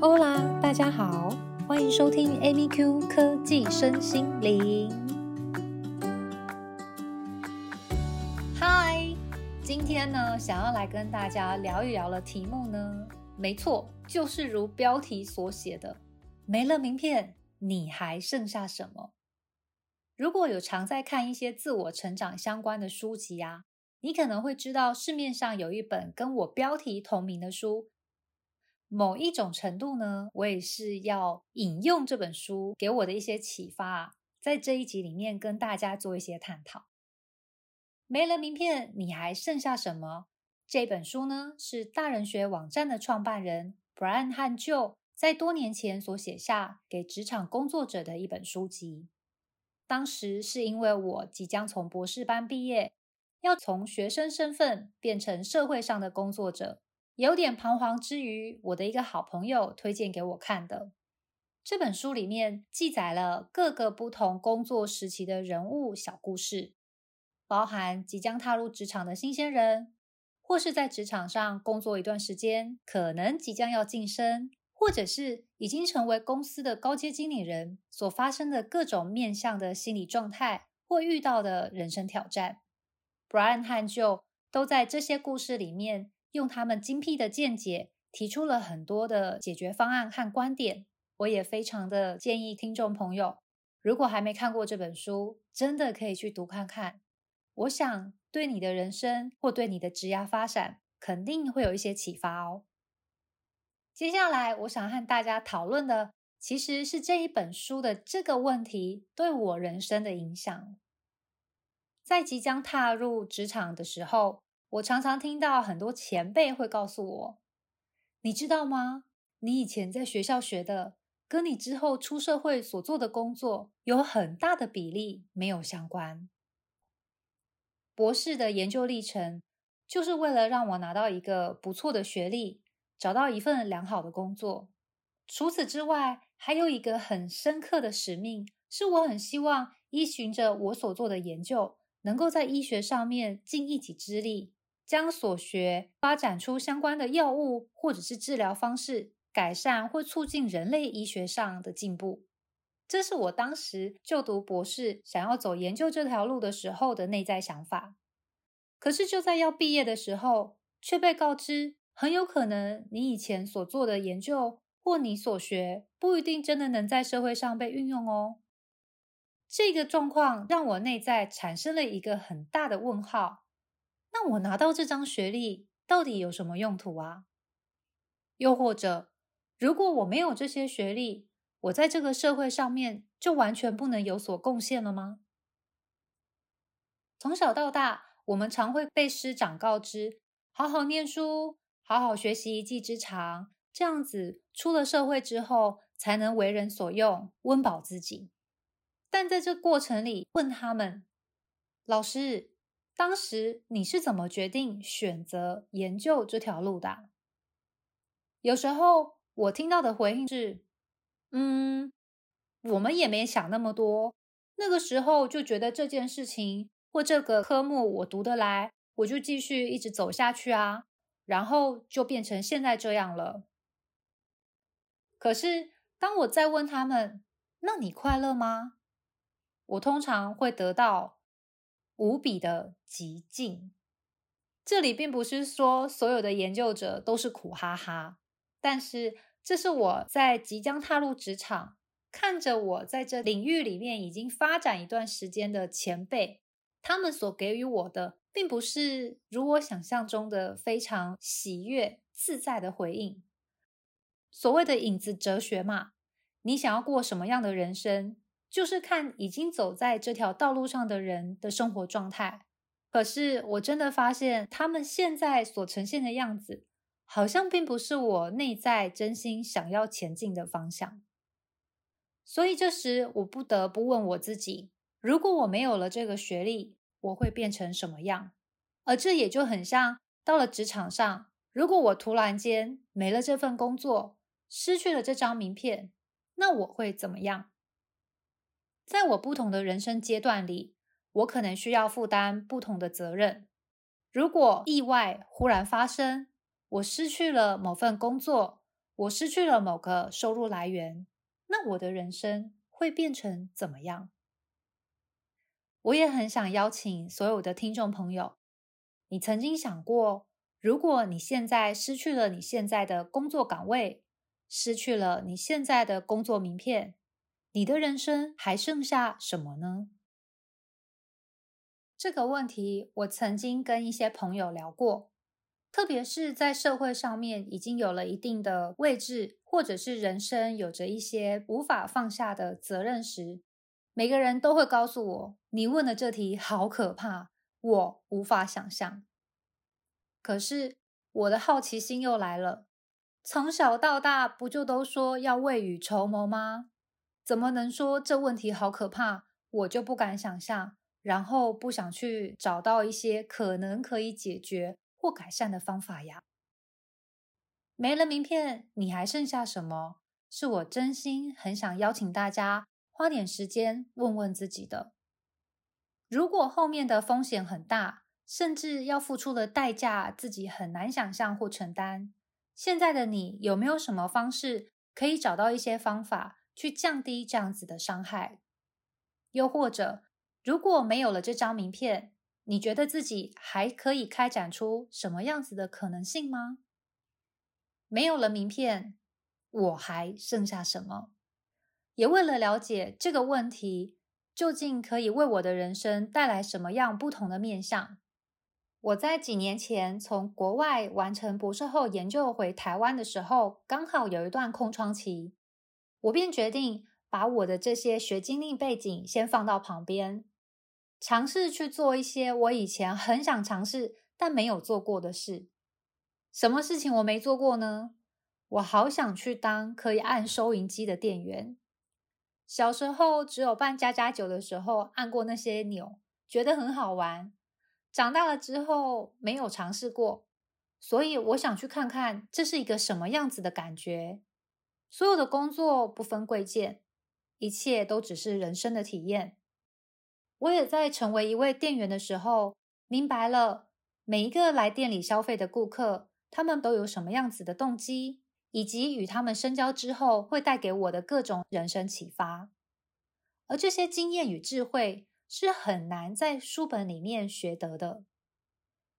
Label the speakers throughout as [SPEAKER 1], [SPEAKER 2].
[SPEAKER 1] 歐啦，大家好，歡迎收聽 AmyQ 科技身心靈。嗨，今天呢，想要來跟大家聊一聊了，題目呢，沒錯，就是如標題所寫的，沒了名片，你還剩下什麼？如果有常在看一些自我成長相關的書籍啊，你可能會知道市面上有一本跟我標題同名的書。某一種程度呢，我也是要引用這本書給我的一些啟發，在這一集裡面跟大家做一些探討。沒了名片，你還剩下什麼？這本書呢，是大人學網站的創辦人 Brian 和 Joe 在多年前所寫下給職場工作者的一本書籍。當時是因為我即將從博士班畢業，要從學生身份變成社會上的工作者。有點彷徨之餘，我的一個好朋友推薦給我看的這本書，裡面記載了各個不同工作時期的人物小故事，包含即將踏入職場的新鮮人，或是在職場上工作一段時間，可能即將要晉升，或者是已經成為公司的高階經理人所發生的各種面向的心理狀態，或遇到的人生挑戰。Brian 和 Joe 都在這些故事裡面。用他們精闢的見解，提出了很多的解決方案和觀點。我也非常的建議聽眾朋友，如果還沒看過這本書，真的可以去讀看看。我想對你的人生或對你的職業發展，肯定會有一些啟發哦。接下來我想和大家討論的，其實是這一本書的這個問題對我人生的影響。在即將踏入職場的時候。我常常聽到很多前輩會告訴我：“你知道嗎？你以前在學校學的，跟你之後出社會所做的工作有很大的比例沒有相關。”博士的研究歷程，就是為了讓我拿到一個不錯的學歷，找到一份良好的工作。除此之外，還有一個很深刻的使命，是我很希望依循着我所做的研究，能夠在醫學上面盡一己之力。將所學發展出相關的藥物或者是治療方式，改善或促進人類醫學上的進步，這是我當時就讀博士想要走研究這條路的時候的內在想法。可是就在要畢業的時候，卻被告知，很有可能你以前所做的研究或你所學不一定真的能在社會上被運用哦。這個狀況讓我內在產生了一個很大的問號。那我拿到這張學歷到底有什麼用途啊？又或者，如果我沒有這些學歷，我在這個社會上面就完全不能有所貢獻了嗎？從小到大，我們常會被師長告知：好好念書，好好學習一技之長，這樣子出了社會之後才能為人所用，溫飽自己。但在這過程裡，問他們老師，當時你是怎麼決定選擇研究這條路的？有時候我聽到的回應是：“嗯，我們也沒想那麼多，那個時候就覺得這件事情或這個科目我讀得來，我就繼續一直走下去啊，然後就變成現在這樣了。”可是當我再問他們：“那你快樂嗎？”我通常會得到。無比的寂靜，這裡並不是說所有的研究者都是苦哈哈，但是這是我在即將踏入職場，看着我在這領域裡面已經發展一段時間的前輩，他們所給予我的，並不是如我想象中的非常喜悅自在的回應。所謂的影子哲學嘛，你想要過什麼樣的人生？就是看已經走在這條道路上的人的生活狀態，可是我真的發現他們現在所呈現的樣子，好像並不是我內在真心想要前進的方向。所以這時我不得不問我自己：如果我沒有了這個學歷，我會變成什麼樣？而這也就很像到了職場上，如果我突然間沒了這份工作，失去了這張名片，那我會怎麼樣？在我不同的人生階段裡，我可能需要負擔不同的責任。如果意外忽然發生，我失去了某份工作，我失去了某個收入來源，那我的人生會變成怎麼樣？我也很想邀請所有的聽眾朋友，你曾經想過，如果你現在失去了你現在的工作崗位，失去了你現在的工作名片，你的人生還剩下什麼呢？這個問題，我曾經跟一些朋友聊過，特別是在社會上面已經有了一定的位置，或者是人生有着一些無法放下的責任時，每個人都會告訴我：“你問的這題好可怕，我無法想象。”可是我的好奇心又來了。從小到大，不就都說要未雨綢繆嗎？怎麼能說這問題好可怕，我就不敢想象，然後不想去找到一些可能可以解決或改善的方法呀。沒了名片，你還剩下什麼？是我真心很想邀請大家花點時間問問自己的。如果後面的風險很大，甚至要付出的代價自己很難想象或承擔，現在的你有沒有什麼方式可以找到一些方法？去降低這樣子的傷害，又或者，如果沒有了這張名片，你覺得自己還可以開展出什麼樣子的可能性嗎？沒有了名片，我還剩下什麼？也為了了解這個問題究竟可以為我的人生帶來什麼樣不同的面向，我在幾年前從國外完成博士後研究回台灣的時候，剛好有一段空窗期。我便決定把我的這些學經歷背景先放到旁邊，嘗試去做一些我以前很想嘗試但沒有做過的事。什麼事情我沒做過呢？我好想去當可以按收銀機的店員。小時候只有扮家家酒的時候按過那些鈕，覺得很好玩。長大了之後沒有嘗試過，所以我想去看看這是一個什麼樣子的感覺。所有的工作不分貴賤，一切都只是人生的體驗。我也在成為一位店員的時候，明白了每一個來店裡消費的顧客，他們都有什麼樣子的動機，以及與他們深交之後會帶給我的各種人生啟發。而這些經驗與智慧是很難在書本裡面學得的，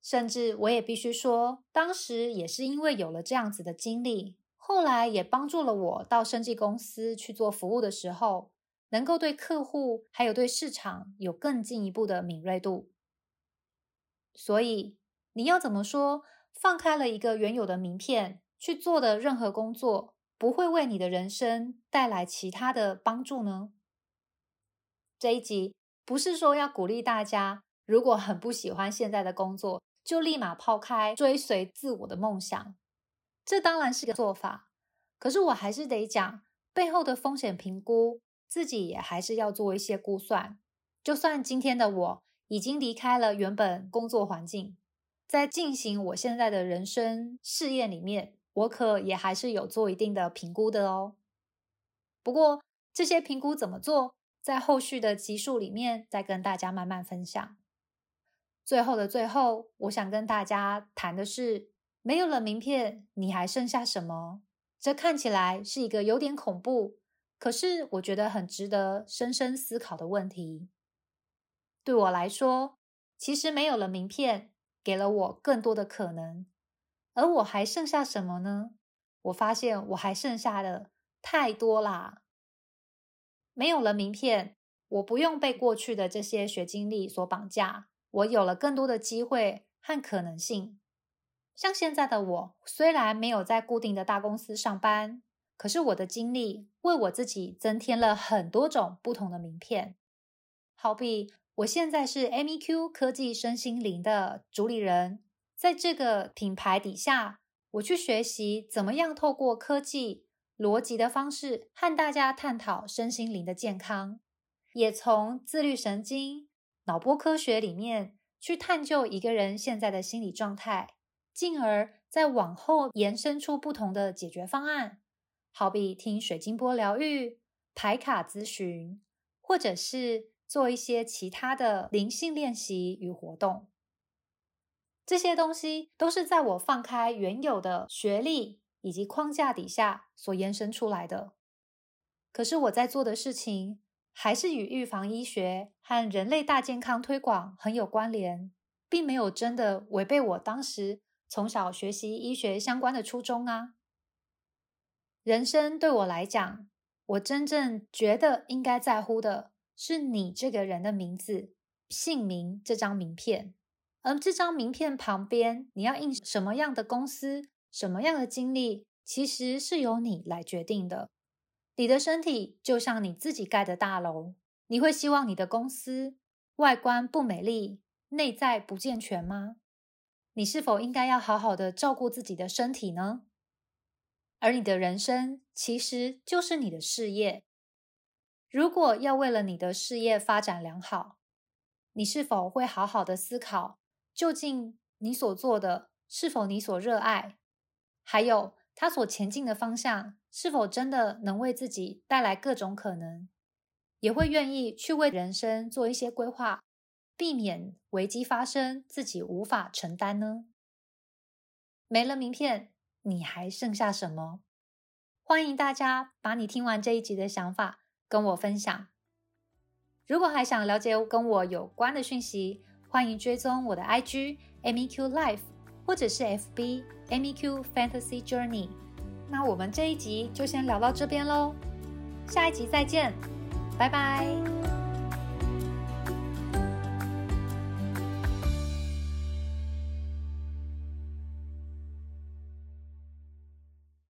[SPEAKER 1] 甚至我也必須說，當時也是因為有了這樣子的經歷。後來也幫助了我到生技公司去做服務的時候，能夠對客戶還有對市場有更進一步的敏銳度。所以你要怎麼說，放開了一個原有的名片去做的任何工作，不會為你的人生帶來其他的幫助呢？這一集不是說要鼓勵大家，如果很不喜歡現在的工作，就立馬拋開追隨自我的夢想。這當然是個做法，可是我還是得講背後的風險評估，自己也還是要做一些估算。就算今天的我已經離開了原本工作環境，在進行我現在的人生試驗裡面，我可也還是有做一定的評估的哦。不過這些評估怎麼做，在後續的集數裡面再跟大家慢慢分享。最後的最後，我想跟大家談的是，沒有了名片，你還剩下什麼？這看起來是一個有點恐怖，可是我覺得很值得深深思考的問題。對我來說，其實沒有了名片，給了我更多的可能。而我還剩下什麼呢？我發現我還剩下的太多啦。沒有了名片，我不用被過去的這些學經歷所綁架，我有了更多的機會和可能性。像現在的我，雖然沒有在固定的大公司上班，可是我的經歷為我自己增添了很多種不同的名片。好比我現在是 MEQ 科技身心靈的主理人，在這個品牌底下，我去學習怎麼樣透過科技邏輯的方式和大家探討身心靈的健康，也從自律神經、腦波科學裡面去探究一個人現在的心理狀態。進而再往後延伸出不同的解決方案，好比聽水晶缽療癒、牌卡諮詢，或者是做一些其他的靈性練習與活動。這些東西都是在我放開原有的學歷以及框架底下所延伸出來的。可是我在做的事情，還是與預防醫學和人類大健康推廣很有關聯，並沒有真的違背我當時，從小學習醫學相關的初衷啊，人生對我來講，我真正覺得應該在乎的是你這個人的名字、姓名這張名片，而這張名片旁邊你要印什麼樣的公司、什麼樣的經歷，其實是由你來決定的。你的身體就像你自己蓋的大樓，你會希望你的公司外觀不美麗、內在不健全嗎？你是否應該要好好的照顧自己的身體呢？而你的人生其實就是你的事業。如果要為了你的事業發展良好，你是否會好好的思考，究竟你所做的是否你所熱愛，還有它所前進的方向是否真的能為自己帶來各種可能，也會願意去為人生做一些規劃？避免危機發生，自己無法承擔呢？沒了名片，你還剩下什麼？歡迎大家把你聽完這一集的想法跟我分享。如果還想了解跟我有關的訊息，歡迎追蹤我的 IG AmyQ Life 或者是 FB AmyQ Fantasy Journey。那我們這一集就先聊到這邊嘍，下一集再見，拜拜。